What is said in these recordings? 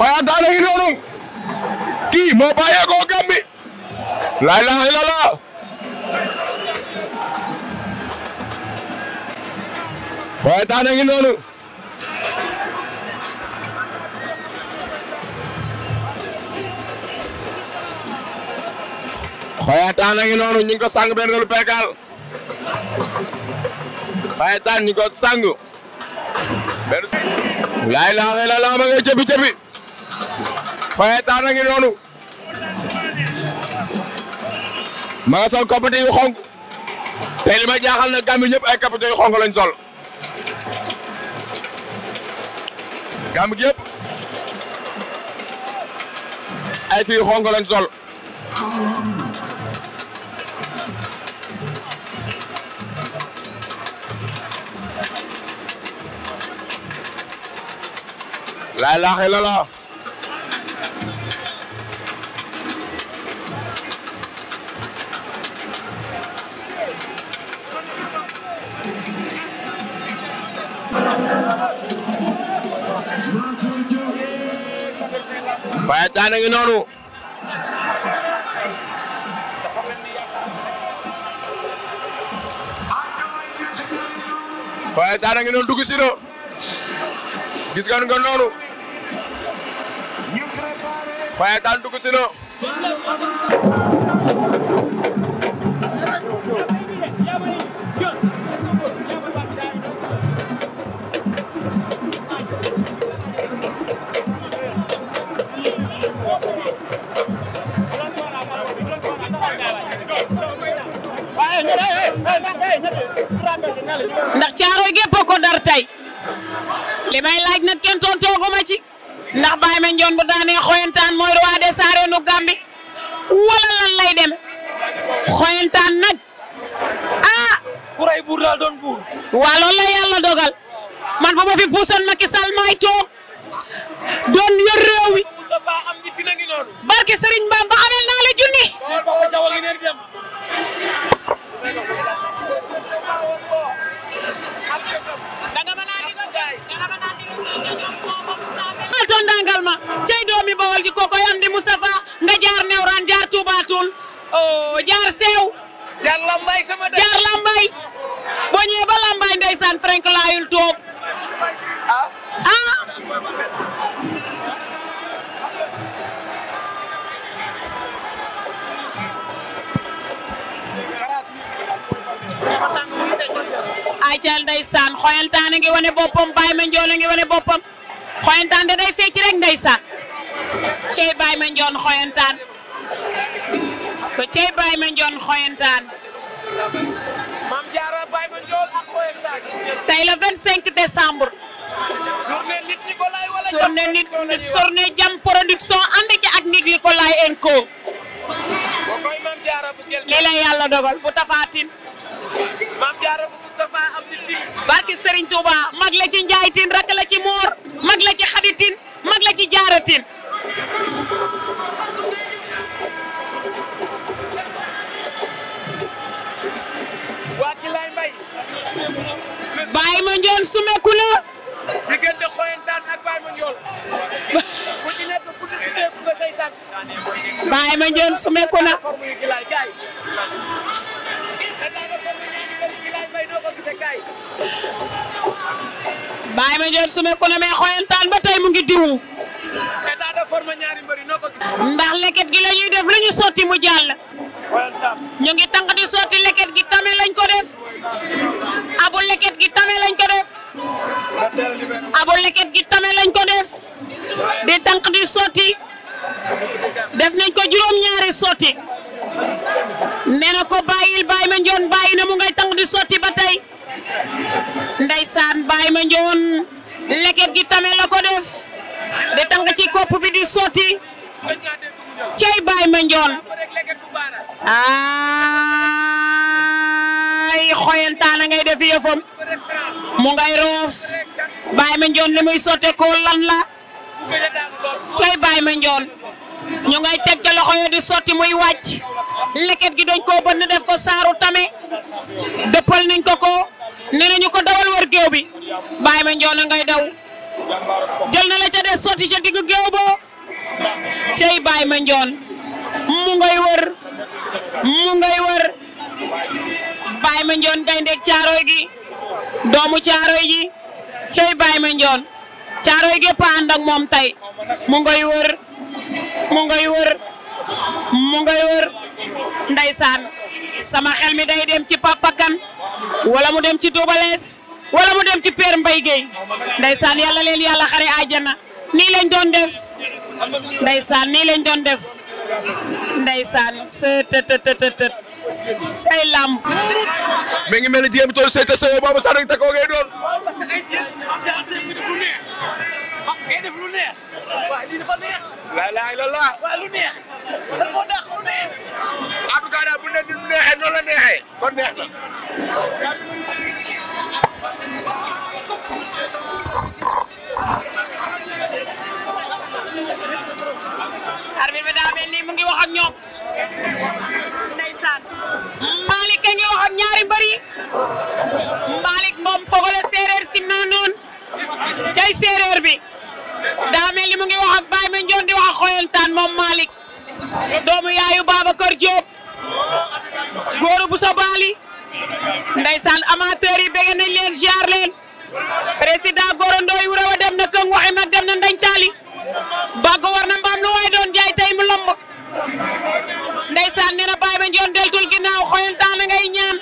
xoyantaan a ngi noonu kii moo bàyyeekoo Gambi laa ilaaha illallaah xoyantaan a ngi noonu xoyantaan a ngi noonu ñu ngi ko sang benn lu perkaal xoyantaan ñu ngi ko sang benn laa ilaaha illallaah ma ngay jëbi jëbi Xoyantaan a ngi noonu ma nga sol yu xonk te ma jaaxal na Gàmbi ñëpp ay kopite yu xonk lañ sol Gàmbi yëpp ay fi yu xonk lañ sol laa laaxee la la a daana ngi noonu waaye daana ngi noonu dugg si no gis nga nga noonu waaye daan dugg si ndax Caaroy gépp ko dar tey may laaj nag kenn tontoogu ma ci ndax Baye Mandione bu daanee xoyantaan mooy roi des arènes nu Gambie wala lay dem xoyantaan nag ah. ku rey buur doon buur. waa loolu dogal man bu fi puusoon Macky Sall maay toog doon yor réew wi. Barke Serigne Bamba naa la junni. xoyantaan a ngi wane boppam Baye Mandione a ngi wane boppam xoyantaan da day fecc rek ndeysaan cey Baye Mandione xoyantaan ko cey Baye Mandione xoyantaan Mam décembre journée nit journée Jam Production ànd ci ak nit Nicolay en la yàlla dogal bu tafaatin Moustapha barki Serigne Touba mag la ci Njaay Tine la ci Moor mag la ci Xadi mag la ci Jaara Tine ma njoon sumeku na diggante xoyantaan ak bàyyi Baye Mandione Soumé ku ne mais mu ngi diwu état ko ndax leket gi la def lu mu jàll ñu ngi tànq di sotti leket gi tame lañ ko def abu leket gi tame lañ ko def abu leket gi tame lañ ko def di tànq di sotti ma Njoon leket gi tame la ko def di tàng ci kopp bi di sotti cey Baay Ma Njoon ay xoyantaana ngay def yëfam mu ngay roof Baay Ma Njoon li muy sotte ko lan la cey Baay Ma Njoon ñu ngay teg ca loxo ya di sotti muy wàcc leket gi dañ koo bënn def ko saaru tame dëppal nañ ko ko nee nañu ko dawal wër géew bi Baye Mandione ngay daw jël na la ca des sotti ca diggu géew ba tey Baye Mandione mu ngay wër mu ngay wër Baye Mandione gaynde caaroy gi doomu caaroy gi tey Baye Mandione caaroy gi pa ànd moom tey mu ngay wër mu ngay wër mu ngay wër ndeysaan sama xel mi day dem ci Papa wala mu dem ci Double wala mu dem ci Père Mbaye Guèye ndeysaan yàlla leen yàlla xare àjjana nii lañ doon def ndeysaan nii lañ doon def ndeysaan sëtëtëtëtët say lamb mi ngi mel ni jigéen bi toll say te sëyoo boobu sax rek te koo ngay doon parce que ay ngay def lu neex waaw lii dafa neex la la lu neexee noonu la neexee kon neex na arbitre bi daa ni mu ngi wax ak ñoom ndeysaan Malick a ngi wax ak ñaari bëri moom fogole séeréer si noon cay séeréer bi daa ni mu ngi wax ak Baye Mandione di wax ak xoyantaan moom Malick doomu yaayu Babacar Diop góoru bu sa baali ndaysaan amateur yi bëgg nañ leen jaar leen président Gora Ndoye wu a dem na këng waxi mag dem na ndañ taali bàgg war na mbaam lu waay doon jaay tey mu ndaysaan nee na bàyyi njoon deltul ginnaaw xoyantaan ngay ñaan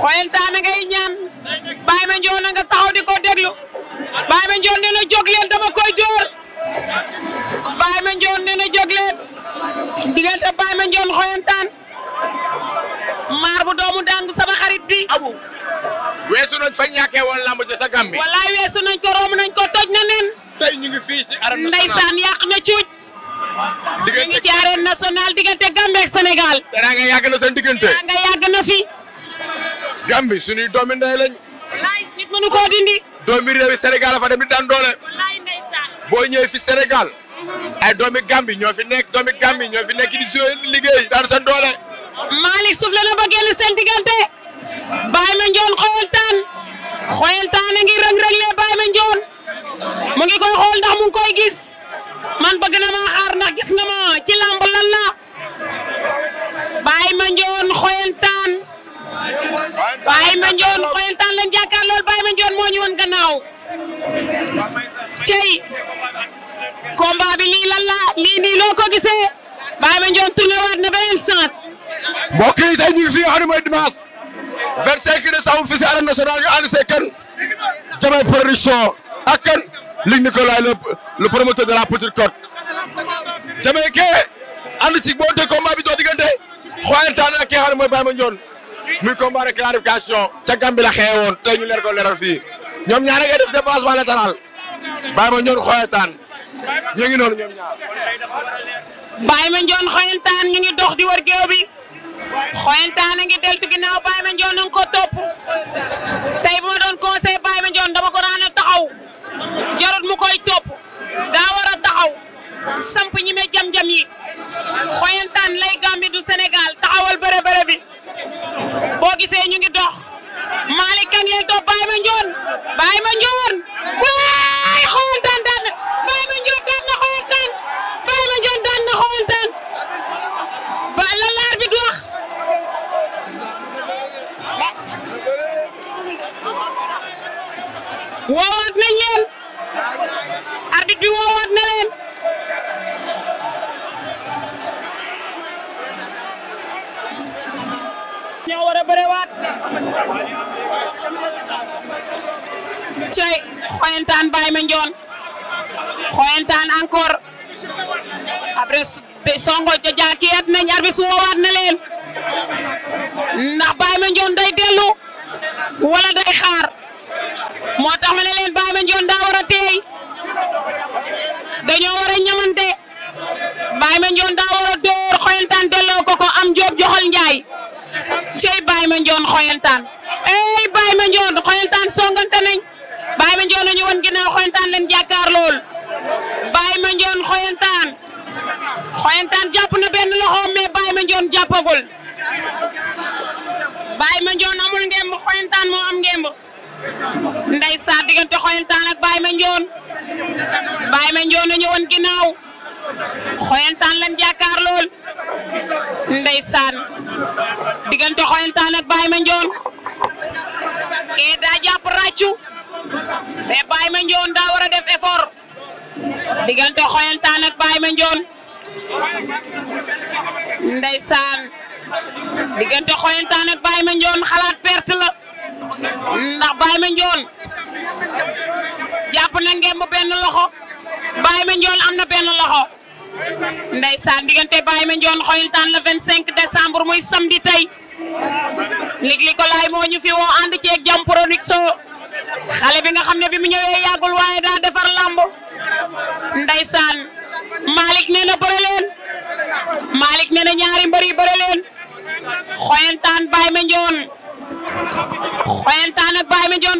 xoyantaan ngay ñaan bàyyi ma njoon nga taxaw di ko déglu bàyyi ma njoon nee na leen dama koy dóor bàyyi ma njoon nee na jóg leen diggante bàyyi ma njoon xoyantaan fa ñàkkee woon lamb ci sa na nen. ñu ngi fii si arène na cuuj. diggante ñu ngi ci arène nationale diggante Gambie ak Sénégal. danaa nga yàgg na seen diggante. danaa nga na fi. Gambie suñuy doomi ndey lañ. walaay nit mënu koo dindi. doomi réewi Sénégal fa dem boo ñëwee fi Sénégal. ay doomi Gambie ñoo fi nekk doomi Gambie fi nekk di jouer liggéey daan seen doole. Malick suuf na ba génn seen diggante. bàyyi ma njoon ko Bakel taana ngi rëng-rëng lee mu ngi koy xool ndax mu ngi koy gis man bëgg na maa aar gis nga ma ci làmb lan la Baye Mandione xoyantaan Baye Mandione xoyantaan lool Baye Mandione moo ñu woon gannaaw cey combat bi lii lan la lii nii loo ko gisee waat na beneen sens mbokk yi tey ñu ngi fi yoo xam ne mooy dimanche 25 décembre fii si arène nationale ñu ànd see kenn Jamaye production ak kan Luc Nicolaï promoteur de la petite côte Jamaye ke ànd ci boo dee combat a dox diggante xooyantaan ak ki nga xam ne mooy Baye Mandione muy combat de clarification ca Gambie la xewoon tey ñu leer ko leeral fii ñoom ñaar ngay def déplacement latéral Baye Mandione xooyantaan ñu ngi noonu ñoom ñaar. Baye Mandione xooyantaan ñu ngi dox di wër géew xoyantaan a ngi deltu ginnaaw Baye Mandione na nga ko topp tey bu ma doon conseil Baye Mandione dama ko daan taxaw jarut mu koy topp daa war a taxaw samp ñi me jam-jam yi xoyantaan lay gambi du de songo jaakiyeet nañ arbi woowaat na leen ndax Baye Mandione day dellu wala day xaar moo tax ma ne leen Baye Mandione daa war a teey a ñamante Baye Mandione daa war a door xoyantaan delloo ko ko am joob joxol njaay cey Baye Mandione xoyantaan ey Baye Mandione xoyantaan songante nañ Baye Mandione ñu won ginnaaw xoyantaan leen jàkkaar lool Baye Mandione xoyantaan xoyantaan jàpp na benn loxoom mais Baye Mandione jàppagul Baye Mandione amul ngemb xoyantaan moo am ngemb ndeysaan diggante xoyantaan ak Baye Mandione Baye Mandione a ñëwoon ginnaaw xoyantaan lan jàkkaar lool ndeysaan diggante xoyantaan ak Baye Mandione kee daa jàpp ràccu mais Baye Mandione daa war a def effort diggante xoyantaan ak Baye Mandione ndeysaan diggante xoyantaan ak Baye Mandione xalaat perte la ndax Baye Mandione jàpp na ngemb benn loxo Baye Mandione am na benn loxo ndeysaan diggante Baye Mandione xoyantaan le cinq décembre muy samedi tey ligli ko laay moo ñu fi woo ànd ci ak Jam xale bi nga xam ne bi mu ñëwee yàggul waaye daa defar lamb ndeysaan Malick nee na bëre leen Malick nee na ñaari mbër yi bëre leen xoyantaan Baye Mandione xoyantaan ak Baye Mandione